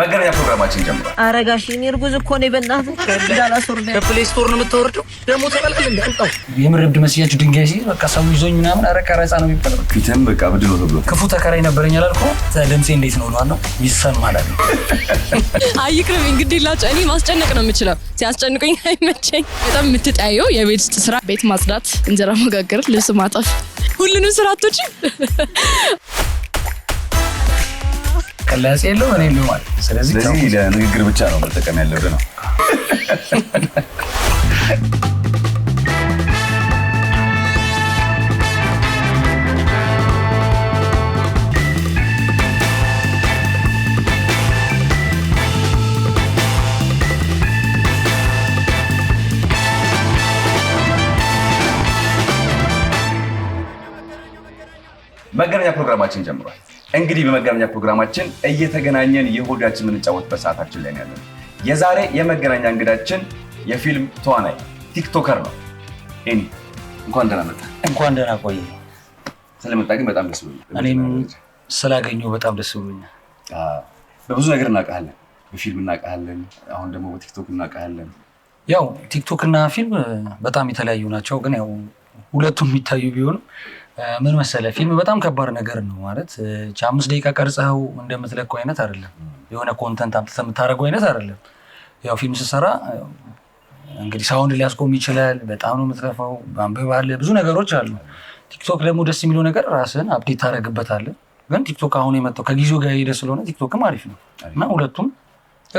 መገናኛ ፕሮግራማችን ጀምሯል። አረጋሽ እኔ እርጉዝ እኮ ነኝ። በእናትህ ከፕሌይ ስቶር ነው የምታወርደው። ደግሞ ተመልከት፣ እንዳልጣው የምር እብድ መስያችሁ ድንጋይ ሲይዝ በቃ ሰው ይዞኝ ምናምን አረቃ ረጻ ነው የሚባለው። ፊትም በቃ ብድሎ ተብሎ ክፉ ተከራይ ነበረኝ አላልኩ። ድምፄ እንዴት ነው ነው ይሰማል አለ። አይቅርብ እንግዲህ ላጭ። እኔ ማስጨነቅ ነው የምችለው። ሲያስጨንቁኝ አይመቸኝ። በጣም የምትጠያየው የቤት ውስጥ ስራ፣ ቤት ማጽዳት፣ እንጀራ መጋገር፣ ልብስ ማጠፍ፣ ሁሉንም ስራ አትወጪም ቅላጼ የለው እኔ ለ ማለት ስለዚህ ለንግግር ብቻ ነው መጠቀም ያለብህ ነው። መገናኛ ፕሮግራማችን ጀምሯል። እንግዲህ በመገናኛ ፕሮግራማችን እየተገናኘን የሆዳችን የምንጫወትበት ሰዓታችን ላይ ያለን። የዛሬ የመገናኛ እንግዳችን የፊልም ተዋናይ ቲክቶከር ነው። ኤኒ እንኳን ደህና መጣ። እንኳን ደህና ቆይ። ስለመጣ ግን በጣም ደስ ብሎኛል። እኔም ስላገኘ በጣም ደስ ብሎኛል። በብዙ ነገር እናውቃለን፣ በፊልም እናውቃለን፣ አሁን ደግሞ በቲክቶክ እናውቃለን። ያው ቲክቶክ እና ፊልም በጣም የተለያዩ ናቸው፣ ግን ያው ሁለቱም የሚታዩ ቢሆንም ምን መሰለህ ፊልም በጣም ከባድ ነገር ነው ማለት አምስት ደቂቃ ቀርጸኸው እንደምትለቀው አይነት አይደለም። የሆነ ኮንተንት አምጥተህ የምታደርገው አይነት አይደለም። ያው ፊልም ስትሰራ እንግዲህ ሳውንድ ሊያስቆም ይችላል። በጣም ነው የምትለፋው። በአንብባለ ብዙ ነገሮች አሉ። ቲክቶክ ደግሞ ደስ የሚለው ነገር ራስን አፕዴት ታደርግበታለህ። ግን ቲክቶክ አሁን የመጣው ከጊዜው ጋር ሄደ ስለሆነ ቲክቶክም አሪፍ ነው እና ሁለቱም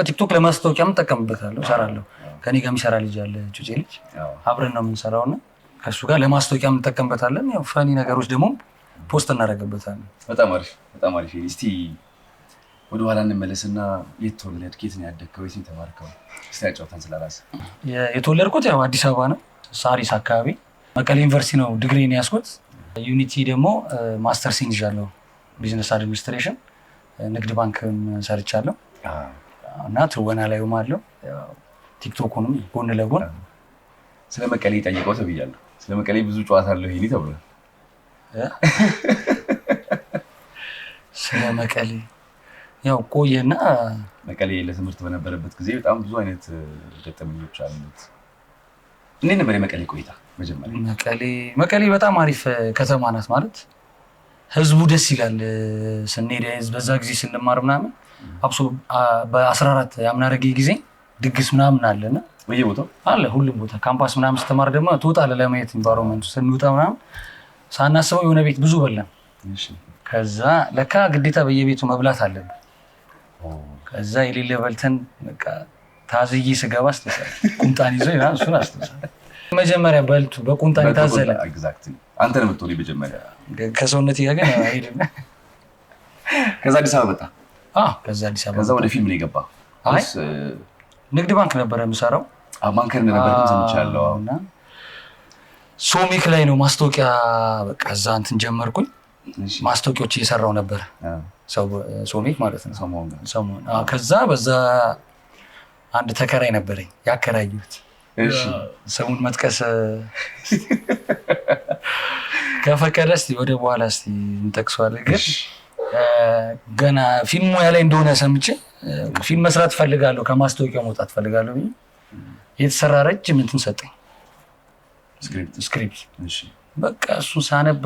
ቲክቶክ ለማስታወቂያም እጠቀምበታለሁ፣ እሰራለሁ። ከኔ ጋር የሚሰራ ልጅ አለ፣ ጩጬ ልጅ አብረን ነው የምንሰራው እና ከእሱ ጋር ለማስታወቂያ እንጠቀምበታለን። ያው ፈኒ ነገሮች ደግሞ ፖስት እናደርግበታለን። በጣም አሪፍ በጣም አሪፍ። እስቲ ወደ ኋላ እንመለስና የት ተወለድክ? የት ነው ያደግከው? የት ተማርከው? የተማርከው? እስቲ ያጫውተን ስለ የተወለድኩት ያው አዲስ አበባ ነው፣ ሳሪስ አካባቢ መቀሌ ዩኒቨርሲቲ ነው ዲግሪን ያስኩት። ዩኒቲ ደግሞ ማስተር ሲንግ ይዣለሁ፣ ቢዝነስ አድሚኒስትሬሽን ንግድ ባንክም ሰርቻለሁ እና ትወና ላይም አለው ቲክቶኩንም ጎን ለጎን ስለ መቀሌ ጠይቀው ተብያለሁ። ስለ መቀሌ ብዙ ጨዋታ አለው ይሄ ተብሏል። ስለ መቀሌ ያው ቆየና መቀሌ ለትምህርት በነበረበት ጊዜ በጣም ብዙ አይነት ገጠመኞች አሉት። እንዴት ነበር የመቀሌ ቆይታ? መጀመሪያ መቀሌ መቀሌ በጣም አሪፍ ከተማ ናት። ማለት ህዝቡ ደስ ይላል። ስንሄድ በዛ ጊዜ ስንማር ምናምን አብሶ በ14 የአምናረጌ ጊዜ ድግስ ምናምን አለና በየቦታው አለ፣ ሁሉም ቦታ ካምፓስ ምናምን ስተማር ደግሞ ትወጣለህ ለማየት ኢንቫይሮመንቱ። ስንወጣ ምናምን ሳናስበው የሆነ ቤት ብዙ በላን። ከዛ ለካ ግዴታ በየቤቱ መብላት አለብን። ከዛ የሌለ በልተን ታዝዬ ስገባ አስተሳል ቁምጣን ይዞ እሱን አስተሳል። መጀመሪያ በልቱ በቁምጣን የታዘለ አንተ ነው የምትሆነው መጀመሪያ ከሰውነት ጋር ግን አይሄድም። ከዛ አዲስ አበባ መጣ። ከዛ አዲስ አበባ ከዛ ወደ ፊልም ነው የገባ ንግድ ባንክ ነበረ የምሰራው ባንክ እንደነበር ሰምቻለሁ። እና ሶሚክ ላይ ነው ማስታወቂያ በቃ እዛ እንትን ጀመርኩኝ። ማስታወቂያዎች እየሰራው ነበር ሶሚክ ማለት ነው። ከዛ በዛ አንድ ተከራይ ነበረኝ ያከራዩት ሰሙን መጥቀስ ከፈቀደ እስኪ ወደ በኋላ እስኪ እንጠቅሰዋለን። ግን ገና ፊልም ሙያ ላይ እንደሆነ ሰምቼ ፊልም መስራት ፈልጋለሁ፣ ከማስታወቂያ መውጣት ፈልጋለሁ። የተሰራ ረጅም እንትን ሰጠኝ ስክሪፕት። በቃ እሱ ሳነብ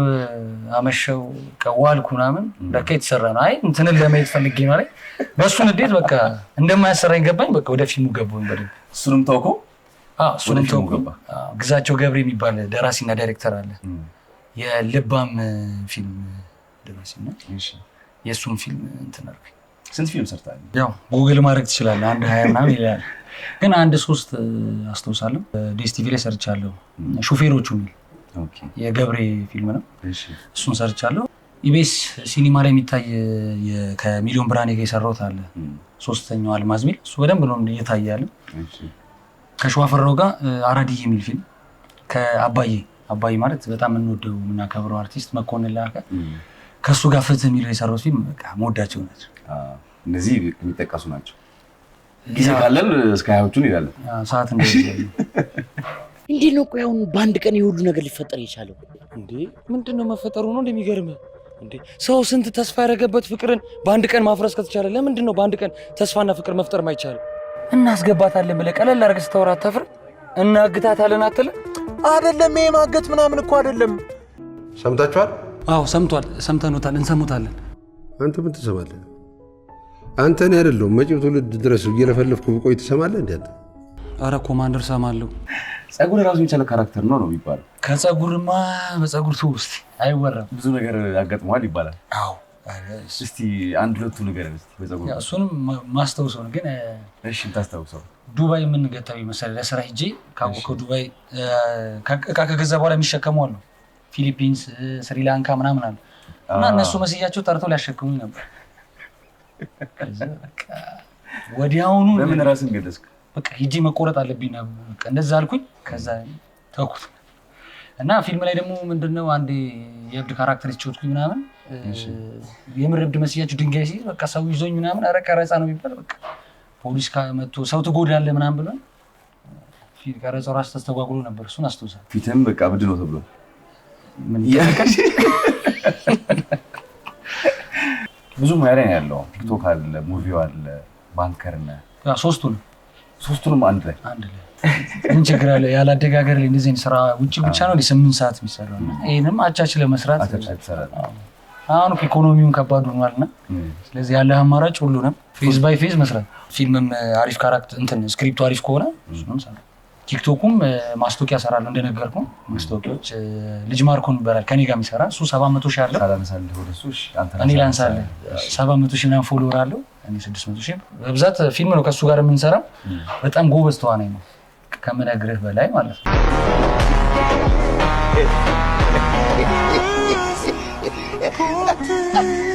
አመሸው ከዋልኩ ምናምን በቃ የተሰራ ነው። አይ እንትንን ለመሄድ ፈልጌ ማለት በእሱን እንዴት በቃ እንደማያሰራኝ ገባኝ። በቃ ወደ ፊልሙ ገባሁኝ በደምብ እሱንም ተውኩ፣ እሱንም ተውከው። ግዛቸው ገብሬ የሚባል ደራሲና ዳይሬክተር አለ። የልባም ፊልም ደራሲና የእሱን ፊልም እንትን አልኩኝ ስንት ፊልም ሰርታል? ያው ጉግል ማድረግ ትችላለህ። አንድ ሀያ ምናምን ይላል፣ ግን አንድ ሶስት አስታውሳለሁ። ዲስቲቪ ላይ ሰርቻለሁ። ሹፌሮቹ የሚል የገብሬ ፊልም ነው፣ እሱን ሰርቻለሁ። ኢቤስ ሲኒማ ላይ የሚታይ ከሚሊዮን ብርሃኔ ጋር የሰራሁት አለ፣ ሶስተኛው አልማዝ ሚል እሱ በደንብ ነው እየታያለ። ያለ። ከሸዋፈራው ጋር አራድዬ የሚል ፊልም ከአባዬ አባዬ ማለት በጣም የምንወደው የምናከብረው አርቲስት መኮንን ላከ ከእሱ ጋር ፍትህ የሚለው የሰራሁት ፊልም መወዳቸው ናቸው። እነዚህ የሚጠቀሱ ናቸው። ጊዜ ካለን እስከ ሀያዎቹን ይላለን። ሰዓት እንዴት ነው? ቆይ አሁን በአንድ ቀን የሁሉ ነገር ሊፈጠር የቻለው እንዴ? ምንድን ነው መፈጠሩ ነው እንዴ? ሰው ስንት ተስፋ ያደረገበት ፍቅርን በአንድ ቀን ማፍረስ ከተቻለ ለምንድን ነው በአንድ ቀን ተስፋና ፍቅር መፍጠር ማይቻልም? እናስገባታለን ብለህ ቀለል አድርገህ ስተወራ አታፍር። እናግታታለን አትልም? አይደለም ይሄ ማገት ምናምን እኮ አይደለም። ሰምታችኋል? አዎ ሰምቷል፣ ሰምተኖታል፣ እንሰሙታለን። አንተ ምን ትሰማለህ? አንተ ነው አይደለሁም። መጪው ትውልድ ድረስ እየለፈለፍኩ ብቆይ ትሰማለህ እንዴ? አንተ አረ ኮማንደር ሰማለሁ። ጸጉር ራሱ የቻለ ካራክተር ነው ነው የሚባለው። ከጸጉርማ በጸጉር ሰው ትውስጥ አይወራም። ብዙ ነገር ያጋጥመዋል ይባላል። አዎ እስቲ አንድ ሁለቱ ነገር እስቲ በጸጉር እሱንም ማስታውሰው ነው ግን እሺ፣ ታስታውሰው ዱባይ የምንገጠው ይመስል ለስራ ሂጄ ካወቀው ዱባይ እቃ ከገዛ በኋላ የሚሸከሙ አሉ ፊሊፒንስ፣ ስሪላንካ ምናምን አሉ እና እነሱ መስያቸው ጠርተው ሊያሸክሙኝ ነበር ወዲያውኑ ለምን ራስን ገለጽክ? በቃ ሂጂ መቆረጥ አለብኝ ነው እንደዛ አልኩኝ። ከዛ ተውኩት እና ፊልም ላይ ደግሞ ምንድነው አንዴ የእብድ ካራክተር ይችወትኩኝ ምናምን የምር እብድ መስያችሁ ድንጋይ ሲይዝ በቃ ሰው ይዞኝ ምናምን ኧረ ቀረፃ ነው የሚባል በቃ ፖሊስ መቶ ሰው ትጎዳለህ ምናምን ብሎ ብሏል። ቀረፃው ራስ ተስተጓጉሎ ነበር። እሱን አስታውሳለሁ። ፊትም በቃ እብድ ነው ተብሎ ምን ብዙ ሙያ ነው ያለው። ቲክቶክ አለ፣ ሙቪው አለ፣ ባንከር ነህ። ሶስቱንም ሶስቱንም አንድ ላይ አንድ ላይ ምን ችግር አለ? ያላደገ ሀገር ላይ እንደዚህ ስራ ውጭ ብቻ ነው ስምንት ሰዓት የሚሰራው። ይህንም አቻችን ለመስራት አሁን ኢኮኖሚውን ከባድ ሆኗል እና ስለዚህ ያለህ አማራጭ ሁሉንም ፌዝ ባይ ፌዝ መስራት። ፊልምም አሪፍ ካራክተር እንትን ስክሪፕቱ አሪፍ ከሆነ ቲክቶኩም ማስታወቂያ እሰራለሁ እንደነገርኩ ማስታወቂያዎች ልጅ ማርኮ ይባላል ከኔ ጋር የሚሰራ እሱ ሰባ መቶ ሺ አለው እኔ ላንሳለህ ሰባት መቶ ሺ ምናምን ፎሎወር አለው እኔ ስድስት መቶ ሺህ በብዛት ፊልም ነው ከእሱ ጋር የምንሰራው በጣም ጎበዝ ተዋናኝ ነው ከምነግርህ በላይ ማለት ነው Oh,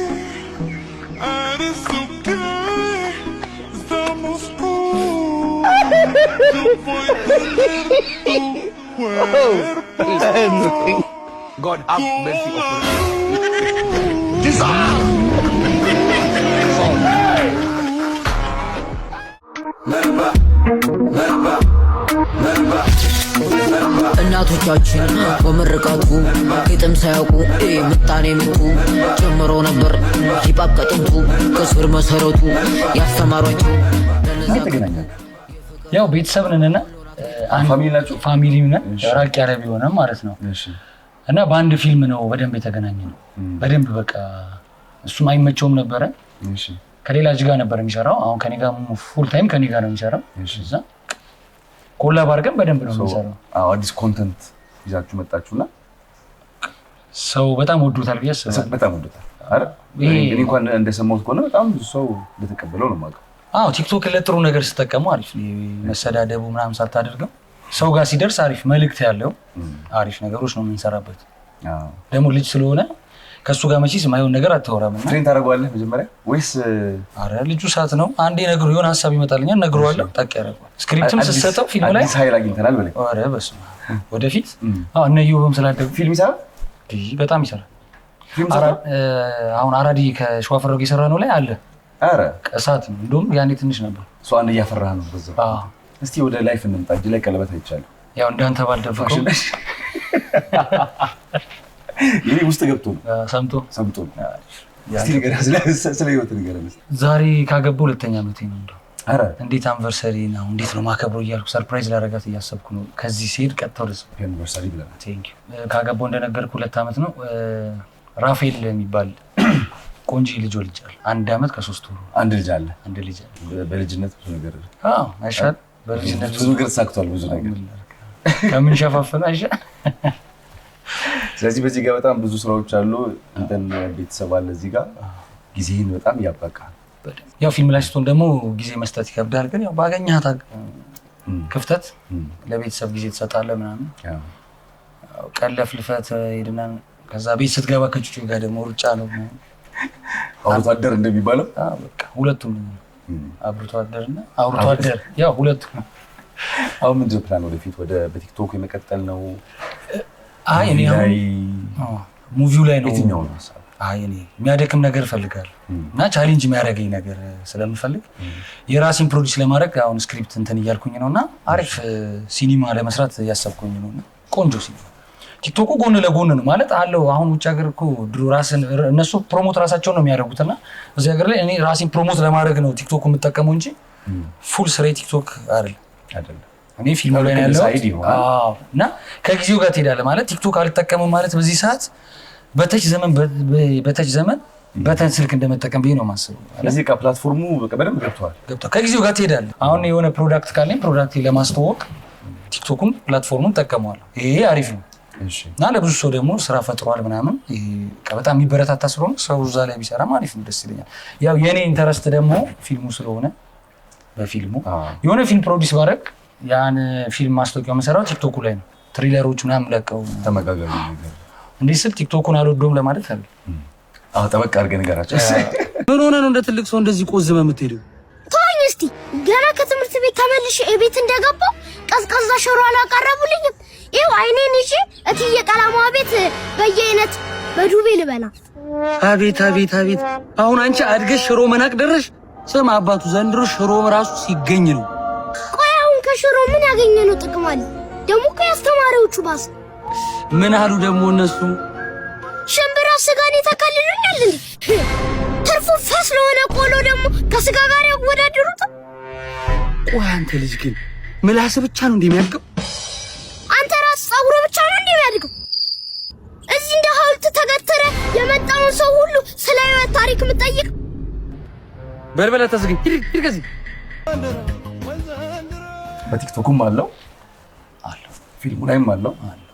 God have mercy upon you. እናቶቻችን በምርቃቱ ግጥም ሳያውቁ ምጣኔ ምቱ ጨምሮ ነበር ሂባብ ከስር መሰረቱ ያስተማሯቸው ያው ቤተሰብ ነንና ፋሚሊ ነን፣ ራቅ ያለ ቢሆንም ማለት ነው እና በአንድ ፊልም ነው በደንብ የተገናኘ ነው። በደንብ በቃ እሱም አይመቸውም ነበረ። ከሌላ ጅጋ ነበር የሚሰራው። አሁን ከኔ ጋር ፉል ታይም ከኔ ጋር ነው የሚሰራው። እዛ ኮላ ባርገን በደንብ ነው የሚሰራው። አዲስ ኮንተንት ይዛችሁ መጣችሁና ሰው በጣም ወዶታል ብዬ አስባለሁ። በጣም ወዶታል። እኔ እንኳን እንደሰማሁት ከሆነ በጣም ብዙ ሰው እንደተቀበለው ነው የማውቀው አዎ ቲክቶክ ለጥሩ ነገር ስጠቀሙ አሪፍ መሰዳደቡ ምናምን ሳታደርገው ሰው ጋር ሲደርስ አሪፍ መልእክት ያለው አሪፍ ነገሮች ነው የምንሰራበት። ደግሞ ልጅ ስለሆነ ከእሱ ጋር መቼስ የማይሆን ነገር አታወራም። ትሬን ታደርገዋለህ መጀመሪያ ወይስ? ኧረ ልጁ ሰዓት ነው አንዴ ነግሮ የሆነ ሀሳብ ይመጣልኛ ነግረዋለሁ፣ ጠቅ ያደርገዋል። ስክሪፕትም ስትሰጠው ፊልም ላይ ሀይል አግኝተናል በላይ። ኧረ በስመ ወደፊት እነ ዩብም ስላደጉ ፊልም ይሰራል፣ በጣም ይሰራል። አሁን አራዲ ከሸዋፈረጉ የሰራ ነው ላይ አለ ኧረ እሳት ነው። እንደውም ያኔ ትንሽ ነበር። እሷን እያፈራ ነው። በዛው እስቲ ወደ ላይፍ እንምጣ። እጅ ላይ ቀለበት አይቻልም። ያው እንዳንተ ባልደፈቀው ይሄ ውስጥ ገብቶ ሰምቶ ሰምቶ ዛሬ ካገባ ሁለተኛ ዓመቴ ነው። እንደው ኧረ እንዴት አንቨርሰሪ ነው እንዴት ነው ማከብረው እያልኩ ሰርፕራይዝ ላደርጋት እያሰብኩ ነው። ከዚህ ሲሄድ ቀጥታ ወደዛ አንቨርሰሪ ብለናል። ካገባሁ እንደነገርኩ ሁለት ዓመት ነው። ራፌል የሚባል ቆንጂ ልጅ ወልጃለሁ። አንድ አመት ከሶስት ወሩ አንድ ልጅ አለ። አንድ ልጅ አለ። በልጅነት ብዙ ነገር አለ። አዎ፣ አይሻል። በልጅነት ብዙ ነገር ተሳክቷል። ብዙ ነገር ከምን ሸፋፈን አይሻል። ስለዚህ በዚህ ጋር በጣም ብዙ ስራዎች አሉ። እንትን ቤተሰብ አለ እዚህ ጋር ጊዜህን በጣም ያበቃል። ያው ፊልም ላይ ስትሆን ደግሞ ጊዜ መስጠት ይከብዳል። ግን ያው ባገኘሃት ክፍተት ለቤተሰብ ጊዜ ትሰጣለህ ምናምን ቀለፍ ልፈት ሄድና ከዛ ቤት ስትገባ ከጩጩ ጋር ደግሞ ሩጫ ነው አውርቶ አደር እንደሚባለው ሁለቱም አብርቶ አደር እና አውርቶ አደር ያው ሁለቱም። አሁን ምንድን ነው ፕላን ወደፊት ወደ በቲክቶክ የመቀጠል ነው? አይ እኔ ሙቪው ላይ ነው ነው ሀሳብ አይ እኔ የሚያደክም ነገር እፈልጋለሁ እና ቻሌንጅ የሚያደርገኝ ነገር ስለምፈልግ የራሴን ፕሮዲስ ለማድረግ አሁን ስክሪፕት እንትን እያልኩኝ ነው እና አሪፍ ሲኒማ ለመስራት እያሰብኩኝ ነው እና ቆንጆ ሲኒማ ቲክቶኩ ጎን ለጎን ነው ማለት አለው። አሁን ውጭ ሀገር እኮ ድሮ ራስን እነሱ ፕሮሞት ራሳቸውን ነው የሚያደርጉት እና እዚህ ሀገር ላይ እኔ ራሴን ፕሮሞት ለማድረግ ነው ቲክቶክ የምጠቀመው እንጂ ፉል ስራ ቲክቶክ አይደለም። እኔ ፊልሙ ላይ ያለው እና ከጊዜው ጋር ትሄዳለህ ማለት ቲክቶክ አልጠቀምም ማለት በዚህ ሰዓት በተች ዘመን በተች ዘመን በተን ስልክ እንደመጠቀም ብዬ ነው የማስበው። ስለዚህ ፕላትፎርሙ በደንብ ገብተዋል ገብተዋል ከጊዜው ጋር ትሄዳለህ። አሁን የሆነ ፕሮዳክት ካለኝ ፕሮዳክት ለማስተዋወቅ ቲክቶኩን ፕላትፎርሙን ጠቀመዋል። ይሄ አሪፍ ነው። እና ለብዙ ሰው ደግሞ ስራ ፈጥሯል ምናምን በጣም የሚበረታታ ስለሆነ ሰው እዛ ላይ ቢሰራ አሪፍ ነው፣ ደስ ይለኛል። ያው የእኔ ኢንተረስት ደግሞ ፊልሙ ስለሆነ በፊልሙ የሆነ ፊልም ፕሮዲስ ባደርግ ያን ፊልም ማስታወቂያ መሰራው ቲክቶኩ ላይ ነው። ትሪለሮች ምናምን ለቀው ተመጋጋቢ እንዲህ ስል ቲክቶኩን አልወደውም ለማለት አለ። አዎ ጠበቅ አድርገህ ንገራቸው። ምን ሆነ ነው እንደ ትልቅ ሰው እንደዚህ ቆዝመህ የምትሄደው? ተወኝ እስቲ ገና ከትምህርት ቤት ተመልሼ ቤት እንደገባው ቀዝቀዛ ሽሮ አላቀረቡልኝም። ይኸው አይኔን እሺ፣ እትዬ ቀለሟ ቤት በየአይነት በዱቤ ልበላ። አቤት አቤት አቤት! አሁን አንቺ አድገሽ ሽሮ መናቅ ደረሽ። ስም አባቱ ዘንድሮ ሽሮ ራሱ ሲገኝ ነው። ቆይ አሁን ከሽሮ ምን ያገኘ ነው ጥቅም አለ? ደግሞ እኮ ያስተማሪዎቹ ባስ ምን አሉ ደግሞ እነሱ ሽምብራ ስጋን የተከልሉኛል እንዴ? ትርፉ ፈስ ለሆነ ቆሎ ደግሞ ከስጋ ጋር ያወዳድሩት። ቆይ አንተ ልጅ ግን ምላስ ብቻ ነው እንደሚያድገው? አንተ ራስ ጸጉር ብቻ ነው እንደሚያድገው? እዚህ እንደ ሀውልት ተገተረ የመጣውን ሰው ሁሉ ስለ ህይወት ታሪክ የምጠይቅ በልበለ ተስግኝ ሂድ ሂድ። ከዚህ አለው አለው ፊልሙ ላይም አለው አለው።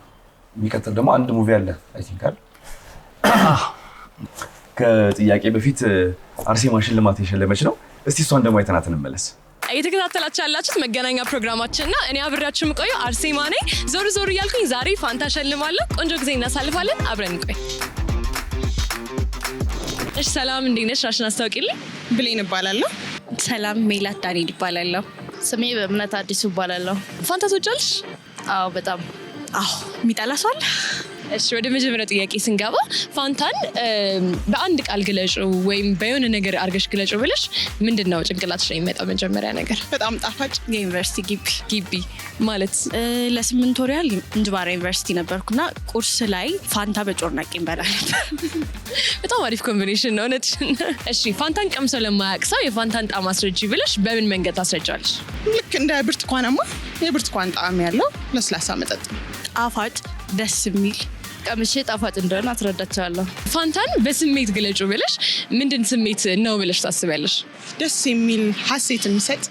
የሚቀጥል ደግሞ አንድ ሙቪ አለ አይ ቲንክ አለ። ከጥያቄ በፊት አርሴማ ሽልማት የሸለመች ነው። እስቲ እሷን ደግሞ አይተናት እንመለስ። እየተከታተላችሁ መገናኛ ፕሮግራማችን ነው። እኔ አብሬያችሁ የምቆየው አርሴማ ነኝ። ዞር ዞር እያልኩኝ ዛሬ ፋንታ ሸልማለሁ። ቆንጆ ጊዜ እናሳልፋለን። አብረን እንቆይ። እሺ፣ ሰላም እንዴት ነሽ? ራሽን አስታውቂልኝ። ብሌን እባላለሁ። ሰላም። ሜላት ዳንኤል ይባላለሁ። ስሜ በእምነት አዲሱ እባላለሁ። ፋንታ ትወጫለሽ? አዎ፣ በጣም አዎ። የሚጠላሷል እሺ ወደ መጀመሪያ ጥያቄ ስንገባ ፋንታን በአንድ ቃል ግለጭው ወይም በየሆነ ነገር አርገሽ ግለጩ ብለሽ ምንድን ነው ጭንቅላትሽ ላይ የሚመጣው መጀመሪያ ነገር? በጣም ጣፋጭ የዩኒቨርሲቲ ግቢ ግቢ ማለት ለስምንት ወር ያህል እንጅባራ ዩኒቨርሲቲ ነበርኩና ቁርስ ላይ ፋንታ በጮርናቄ እንበላ ነበር። በጣም አሪፍ ኮምቢኔሽን ነው እውነት። እሺ ፋንታን ቀምሰው ለማያውቅ ሰው የፋንታን ጣዕም አስረጂ ብለሽ በምን መንገድ ታስረጃለሽ? ልክ እንደ ብርቱካናማ የብርቱካን ጣዕም ያለው ለስላሳ መጠጥ ጣፋጭ ደስ የሚል ቀምሼ ጣፋጭ እንደሆነ አስረዳቸዋለሁ። ፋንታን በስሜት ግለጩ ብለሽ ምንድን ስሜት ነው ብለሽ ታስቢያለሽ? ደስ የሚል ሀሴት የሚሰጥ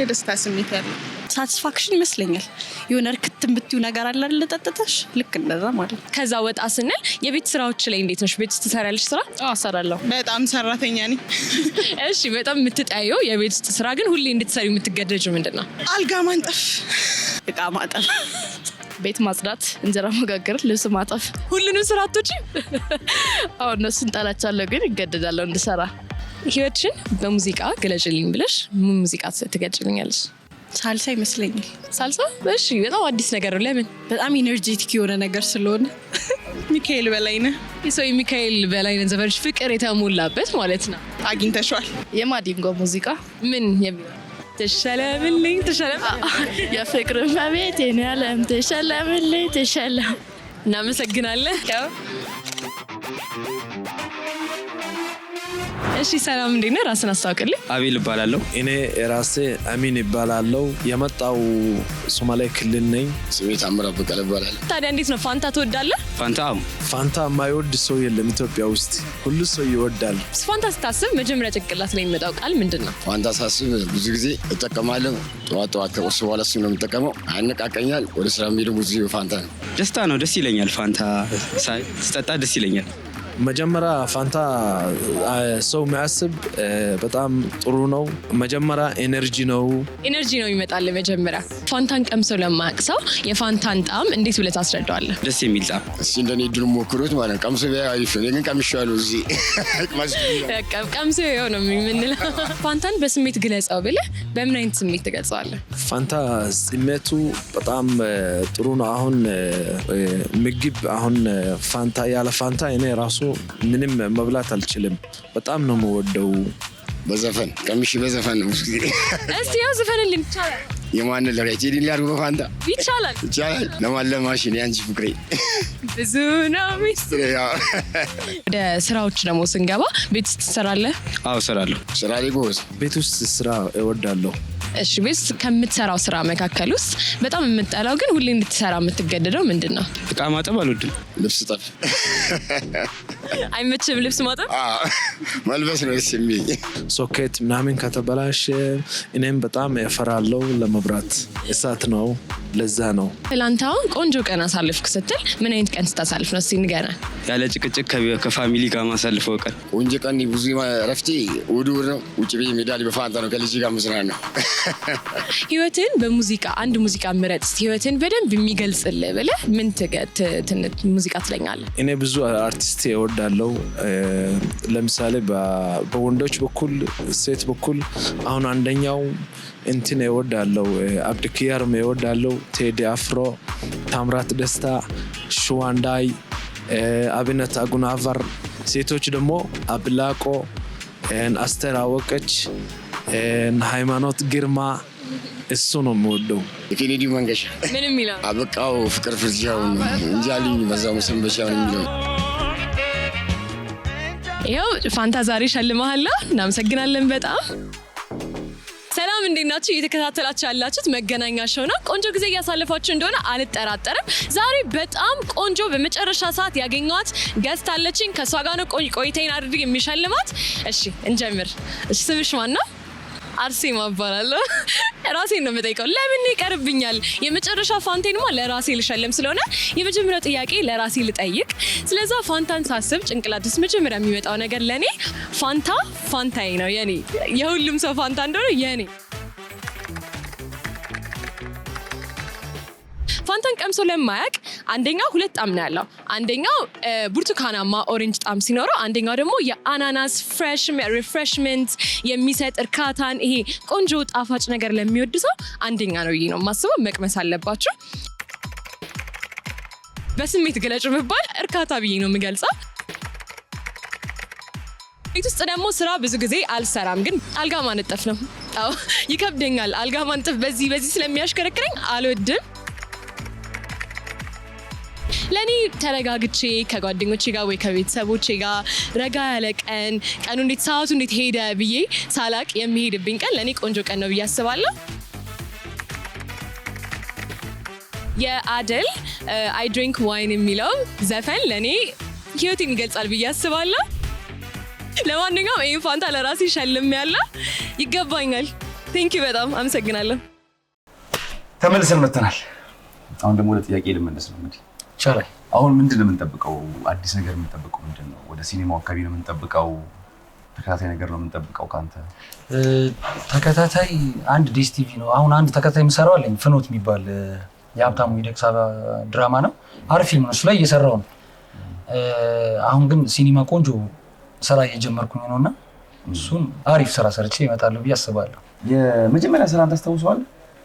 የደስታ ስሜት ያለው ሳቲስፋክሽን ይመስለኛል። የሆነ እርክት የምትይው ነገር አለ ልጠጥተሽ፣ ልክ እንደዛ ማለት። ከዛ ወጣ ስንል የቤት ስራዎች ላይ እንዴት ነሽ? ቤት ውስጥ ትሰሪያለሽ ስራ? እሰራለሁ። በጣም ሰራተኛ ነኝ። እሺ፣ በጣም የምትጠየው የቤት ውስጥ ስራ ግን ሁሌ እንድትሰሪ የምትገደጁ ምንድን ነው? አልጋ ማንጠፍ፣ እቃ ማጠፍ ቤት ማጽዳት፣ እንጀራ መጋገር፣ ልብስ ማጠፍ፣ ሁሉንም ስራቶች አሁ እነሱን ጣላቻለሁ፣ ግን እገደዳለሁ እንድሰራ። ህይወትሽን በሙዚቃ ግለጭልኝ ብለሽ ምን ሙዚቃ ትገጭልኛለሽ? ሳልሳ ይመስለኛል። ሳልሳ? እሺ፣ በጣም አዲስ ነገር ነው። ለምን? በጣም ኢነርጄቲክ የሆነ ነገር ስለሆነ። ሚካኤል በላይነ ሰው የሚካኤል በላይነ ዘፈኖች ፍቅር የተሞላበት ማለት ነው። አግኝተሸዋል። የማዲንጎ ሙዚቃ ምን የሚለው ትሸለምልኝ ትሸለም የፍቅር መቤት የኔ ዓለም ትሸለምልኝ ትሸለም። እናመሰግናለን። እሺ ሰላም፣ እንዴት ነህ? ራስን አስታውቅልኝ። አቤል እባላለሁ። እኔ ራሴ አሚን እባላለሁ። የመጣው ሶማሌ ክልል ነኝ። ስሜ ታምር በቀለ እባላለሁ። ታዲያ እንዴት ነው ፋንታ ትወዳለህ? ፋንታ ፋንታ የማይወድ ሰው የለም ኢትዮጵያ ውስጥ፣ ሁሉ ሰው ይወዳል። ፋንታ ስታስብ መጀመሪያ ጭንቅላት ላይ የሚመጣው ቃል ምንድን ነው? ፋንታ ሳስብ ብዙ ጊዜ እጠቀማለሁ። ጠዋት ጠዋት ከቁርስ በኋላ እሱ ነው የምጠቀመው። ያነቃቀኛል። ወደ ስራ የሚሄደው ብዙ ፋንታ ነው። ደስታ ነው። ደስ ይለኛል። ፋንታ ስጠጣ ደስ ይለኛል። መጀመሪያ ፋንታ ሰው የሚያስብ በጣም ጥሩ ነው። መጀመሪያ ኤነርጂ ነው ኤነርጂ ነው ይመጣል። መጀመሪያ ፋንታን ቀምሶ ለማያውቅ ሰው የፋንታን ጣዕም እንዴት ብለህ ታስረዳዋለህ? ደስ የሚል ጣዕም እስ እንደኔ ድር ሞክሮት ማለት ነው። ቀምሶ ቢያ አሪፍ ነው። ግን ቀምሼዋለሁ እዚህ ቀምሶ ይኸው ነው የምንለው። ፋንታን በስሜት ግለጸው ብለህ በምን አይነት ስሜት ትገልጸዋለህ? ፋንታ ስሜቱ በጣም ጥሩ ነው። አሁን ምግብ አሁን ፋንታ ያለ ፋንታ እኔ ራሱ ሰው ምንም መብላት አልችልም። በጣም ነው የምወደው። በዘፈን ቀሚሽ በዘፈን ነው። እስቲ ያው ዘፈንልን ይቻላል። የማን ለሬት ይድል ሊያርጉ በፋንታ ይቻላል፣ ይቻላል። ለማን ለማሽን ያንቺ ፍቅሬ ብዙ ነው ሚስትር። ወደ ስራዎች ደግሞ ስንገባ ቤት ውስጥ ትሰራለህ? አዎ እሰራለሁ። ስራ ላይ ጎበዝ። ቤት ውስጥ ስራ እወዳለሁ። እሺ ቤስ ከምትሰራው ስራ መካከል ውስጥ በጣም የምጠላው ግን ሁሌ እንድትሰራ የምትገደደው ምንድን ነው? እቃ ማጠብ አልወድም። ልብስ ጠብ አይመችም። ልብስ ማጠብ መልበስ ነው ደስ የሚል። ሶኬት ምናምን ከተበላሽ እኔም በጣም ያፈራለው። ለመብራት እሳት ነው። ለዛ ነው ትላንታውን ቆንጆ ቀን አሳልፍክ ስትል ምን አይነት ቀን ስታሳልፍ ነው? እስኪ ንገረን። ያለ ጭቅጭቅ ከፋሚሊ ጋር ማሳልፈው ቀን ቆንጆ ቀን ብዙ ረፍቴ ውድውር ነው። ውጭ ቤት ሜዳ በፋንታ ነው ከልጅ ጋር ምስራ ነው ህይወትን በሙዚቃ አንድ ሙዚቃ ምረጥ ህይወትን በደንብ የሚገልጽልህ ብለህ ምን ሙዚቃ ትለኛለህ? እኔ ብዙ አርቲስት እወዳለሁ። ለምሳሌ በወንዶች በኩል ሴት በኩል አሁን አንደኛው እንትን እወዳለሁ፣ አብድኪያርም እወዳለሁ፣ ቴዲ አፍሮ፣ ታምራት ደስታ፣ ሽዋንዳይ፣ አብነት አጉናቫር ሴቶች ደግሞ አብላቆ አስተር አወቀች ሃይማኖት ግርማ እሱ ነው የምወደው። የኬኔዲ መንገሻ ምን ይላል አበቃው ፍቅር ፍርጃው እንጃልኝ በዛው መሰንበቻው የሚለው ይኸው ፋንታ ዛሬ ሸልመሃላ። እናመሰግናለን በጣም ሰላም እንዴት ናችሁ? እየተከታተላችሁ ያላችሁት መገናኛ ሾው ነው። ቆንጆ ጊዜ እያሳለፋችሁ እንደሆነ አልጠራጠርም። ዛሬ በጣም ቆንጆ በመጨረሻ ሰዓት ያገኘኋት ገስት አለችኝ። ከእሷ ጋር ነው ቆይታዬን አድርግ የሚሸልማት። እሺ እንጀምር። እሺ ስምሽ ማን ነው? አርሴማ እባላለሁ። ራሴን ነው የምጠይቀው። ለምን ይቀርብኛል? የመጨረሻ ፋንቴንማ ለራሴ ልሸለም ስለሆነ የመጀመሪያው ጥያቄ ለራሴ ልጠይቅ። ስለዛ ፋንታን ሳስብ ጭንቅላት ውስጥ መጀመሪያ የሚመጣው ነገር ለእኔ ፋንታ ፋንታዬ ነው የኔ የሁሉም ሰው ፋንታ እንደሆነ የኔ ፋንታን ቀምሶ ለማያውቅ አንደኛ ሁለት ጣም ነው ያለው። አንደኛው ብርቱካናማ ኦሬንጅ ጣም ሲኖረው፣ አንደኛው ደግሞ የአናናስ ፍሬሽ ሪፍሬሽመንት የሚሰጥ እርካታን፣ ይሄ ቆንጆ ጣፋጭ ነገር ለሚወድ ሰው አንደኛ ነው ይሄ ነው ማስበው መቅመስ አለባችሁ። በስሜት ገለጭ ብባል እርካታ ብዬ ነው የምገልጸው። ቤት ውስጥ ደግሞ ስራ ብዙ ጊዜ አልሰራም፣ ግን አልጋ ማነጠፍ ነው። አዎ ይከብደኛል። አልጋ ማንጠፍ በዚህ በዚህ ስለሚያሽከረክረኝ አልወድም። ለእኔ ተረጋግቼ ከጓደኞቼ ጋር ወይ ከቤተሰቦቼ ጋር ረጋ ያለ ቀን ቀኑ እንዴት ሰዓቱ እንዴት ሄደ ብዬ ሳላቅ የሚሄድብኝ ቀን ለእኔ ቆንጆ ቀን ነው ብዬ አስባለሁ። የአደል አይ ድሪንክ ዋይን የሚለው ዘፈን ለእኔ ህይወቴን ይገልጻል ብዬ አስባለሁ። ለማንኛውም ይህን ፋንታ ለራሴ ሸልም ያለ ይገባኛል። ቴንኪ በጣም አመሰግናለሁ። ተመልሰን መጥተናል። አሁን ደግሞ ወደ ጥያቄ ልመለስ ነው እንግዲህ ይቻላል። አሁን ምንድን ነው የምንጠብቀው? አዲስ ነገር የምንጠብቀው ምንድን ነው? ወደ ሲኒማው አካባቢ ነው የምንጠብቀው? ተከታታይ ነገር ነው የምንጠብቀው ከአንተ? ተከታታይ አንድ ዲስ ቲቪ ነው አሁን አንድ ተከታታይ የምሰራው አለኝ። ፍኖት የሚባል የሀብታሙ ሚደቅሳ ድራማ ነው። አሪፍ ፊልም ነው። እሱ ላይ እየሰራው ነው። አሁን ግን ሲኒማ ቆንጆ ስራ እየጀመርኩኝ ነው እና እሱን አሪፍ ስራ ሰርቼ ይመጣለሁ ብዬ አስባለሁ። የመጀመሪያ ስራ ታስታውሰዋል?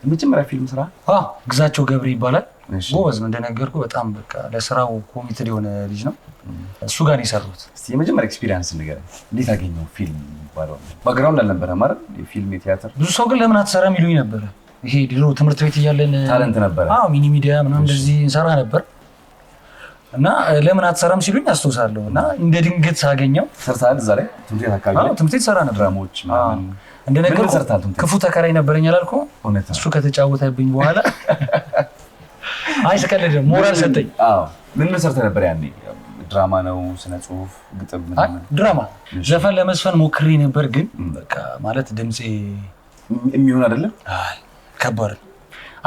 የመጀመሪያ ፊልም ስራ ግዛቸው ገብሬ ይባላል ጎበዝ ነው እንደነገርኩህ፣ በጣም በቃ ለስራው ኮሚትድ የሆነ ልጅ ነው። እሱ ጋር ነው የሰሩት። እስኪ የመጀመሪያ ኤክስፒሪያንስ ነገር እንዴት አገኘው? ፊልም የሚባለው ባግራውንድ አልነበረም አይደል? የፊልም የቲያትር ብዙ ሰው ግን ለምን አትሰራም ይሉኝ ነበረ። ይሄ ድሮ ትምህርት ቤት እያለን ታለንት ነበረ፣ አዎ ሚኒ ሚዲያ ምናምን እንደዚህ እንሰራ ነበር እና ለምን አትሰራም ሲሉኝ አስታውሳለሁ። እና እንደ ድንገት ሳገኘው ሰርተሃል። እዛ ላይ ትምህርት ቤት አካባቢ ትምህርት ቤት ሰራ ነበር። ድራማዎች እንደነገርኩህ ክፉ ተከራይ ነበረኝ አላልኩህም? እሱ ከተጫወተብኝ በኋላ አይ ስቀልድ ሞራል ሰጠኝ። ምን ምን ሰርተህ ነበር ያኔ? ድራማ ነው፣ ስነ ጽሁፍ፣ ግጥም? ድራማ ዘፈን ለመስፈን ሞክሬ ነበር፣ ግን በቃ ማለት ድምፄ የሚሆን አይደለም። አይ ከበር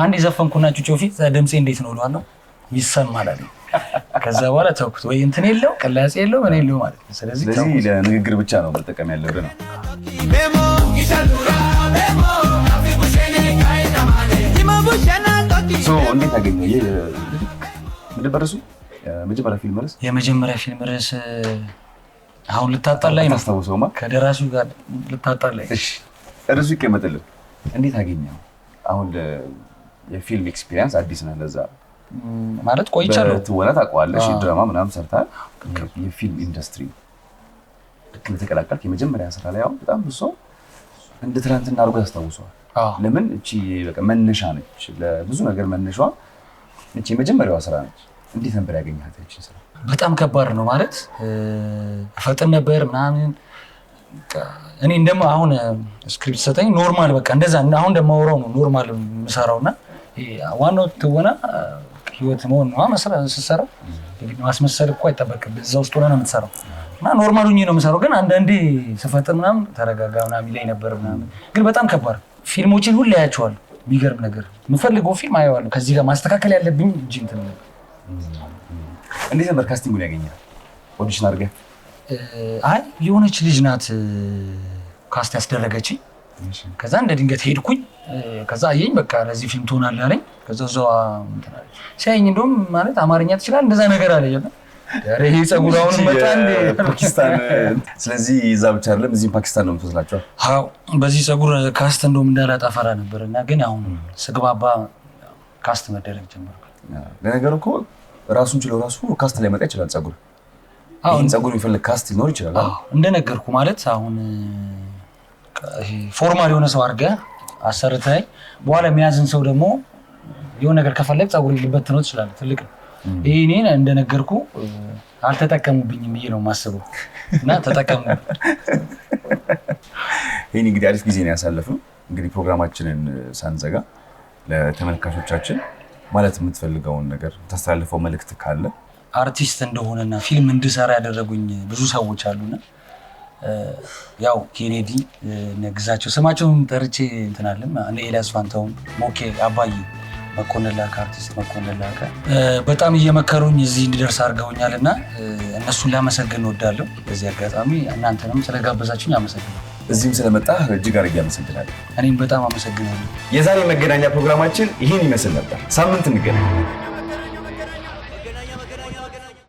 አንድ የዘፈንኩና ጩጮ ፊት ድምፄ እንዴት ነው እለዋለሁ፣ ይሰማል አለ። ከዛ በኋላ ተውኩት። ወይ እንትን የለው ቅላጼ የለው ምን የለው ማለት ነው። ስለዚህ ለንግግር ብቻ ነው መጠቀም ያለብህ ነው። ሜሞ ይሰዱራ ሜሞ አፍሪኩሽኔ ካይናማኔ ይመቡሸነ እንዴት አገኘ? ምንድን እሱ የመጀመሪያ ፊልም ርዕስ የመጀመሪያ ፊልም ርዕስ አሁን ልታጣላኝ ነው። ታስታውሰውማ ከደራሲው ጋር ልታጣላኝ። እሺ ርዕሱ ይቀመጥልን። እንዴት አገኘኸው? አሁን የፊልም ኤክስፒሪየንስ አዲስ ነህ ለዛ ማለት ቆይቻለሁ። ትወና ታውቀዋለሽ፣ ድራማ ምናምን ሰርተሃል። የፊልም ኢንዱስትሪ ልክ እንደተቀላቀልክ የመጀመሪያ ስራ ላይ አሁን በጣም ብሶ እንደ ትናንትና አድርጎ ያስታውሰዋል። ለምን እቺ በቃ መነሻ ነች፣ ለብዙ ነገር መነሻዋ እቺ የመጀመሪያዋ ስራ ነች። እንዴት ነበር ያገኘሃት ያችን ስራ? በጣም ከባድ ነው ማለት እፈጥን ነበር ምናምን እኔ እንደማ አሁን ስክሪፕት ሰጠኝ ኖርማል በቃ እንደዛ አሁን እንደማውራው ነው ኖርማል የምሰራው እና ዋናው ትወና ህይወት መሆን ነው። ስትሰራ ማስመሰል እኮ አይጠበቅም እዛ ውስጥ ሆነህ ነው የምትሰራው እና ኖርማል ሁኜ ነው የምሰራው። ግን አንዳንዴ ስፈጥር ምናምን ተረጋጋ ምናምን ይለኝ ነበር ምናምን ግን በጣም ከባድ ፊልሞችን ሁሉ ያያቸዋል። የሚገርም ነገር የምፈልገው ፊልም አየዋለሁ። ከዚህ ጋር ማስተካከል ያለብኝ እጅ እንትን ነው። እንዴት ነበር ካስቲንጉን ያገኛል? ኦዲሽን አድርገህ? አይ የሆነች ልጅ ናት ካስት ያስደረገችኝ። ከዛ እንደ ድንገት ሄድኩኝ። ከዛ አየኝ፣ በቃ ለዚህ ፊልም ትሆናለህ አለኝ። ከዛ እዛው ሲያየኝ እንደውም ማለት አማርኛ ትችላለህ እንደዛ ነገር አለ ያለ ይሄ ጸጉር አሁን መጣ እንደ ፓኪስታን። ስለዚህ እዛ ብቻ አይደለም እዚህ ፓኪስታን ነው የምትመስላቸው። አዎ በዚህ ጸጉር ካስት እንደውም እንዳላጠፋራ ነበር እና ግን አሁን ስግባባ ካስት መደረግ ጀመርኩ። ለነገሩ እኮ ራሱን ችለው ራሱ ካስት ላይ መጣ ይችላል ጸጉር። ይህን ጸጉር የሚፈልግ ካስት ሊኖር ይችላል። እንደነገርኩ ማለት አሁን ፎርማል የሆነ ሰው አድርገህ አሰርተህ በኋላ የሚያዝን ሰው ደግሞ የሆነ ነገር ከፈለግ ጸጉር ሊበትነው ነው ትችላለህ። ትልቅ ነው ይህኔን እንደነገርኩ አልተጠቀሙብኝም ብዬ ነው የማስበው፣ እና ተጠቀሙ። ይህን እንግዲህ አሪፍ ጊዜ ነው ያሳለፍነው። እንግዲህ ፕሮግራማችንን ሳንዘጋ ለተመልካቾቻችን ማለት የምትፈልገውን ነገር የምታስተላልፈው መልእክት ካለ አርቲስት እንደሆነና ፊልም እንድሰራ ያደረጉኝ ብዙ ሰዎች አሉና ያው ኬኔዲ ነግዛቸው ስማቸውን ጠርቼ እንትናለም ኤልያስ ፋንታውን፣ ሞኬ አባዬ መኮንን አርቲስት መኮንን በጣም እየመከሩኝ እዚህ እንዲደርስ አድርገውኛል እና እነሱን ላመሰግን እወዳለሁ። በዚህ አጋጣሚ እናንተንም ስለጋበዛችሁኝ አመሰግናለሁ። እዚህም ስለመጣ እጅግ አድርጌ አመሰግናለሁ። እኔም በጣም አመሰግናለሁ። የዛሬ መገናኛ ፕሮግራማችን ይህን ይመስል ነበር። ሳምንት እንገናኝ።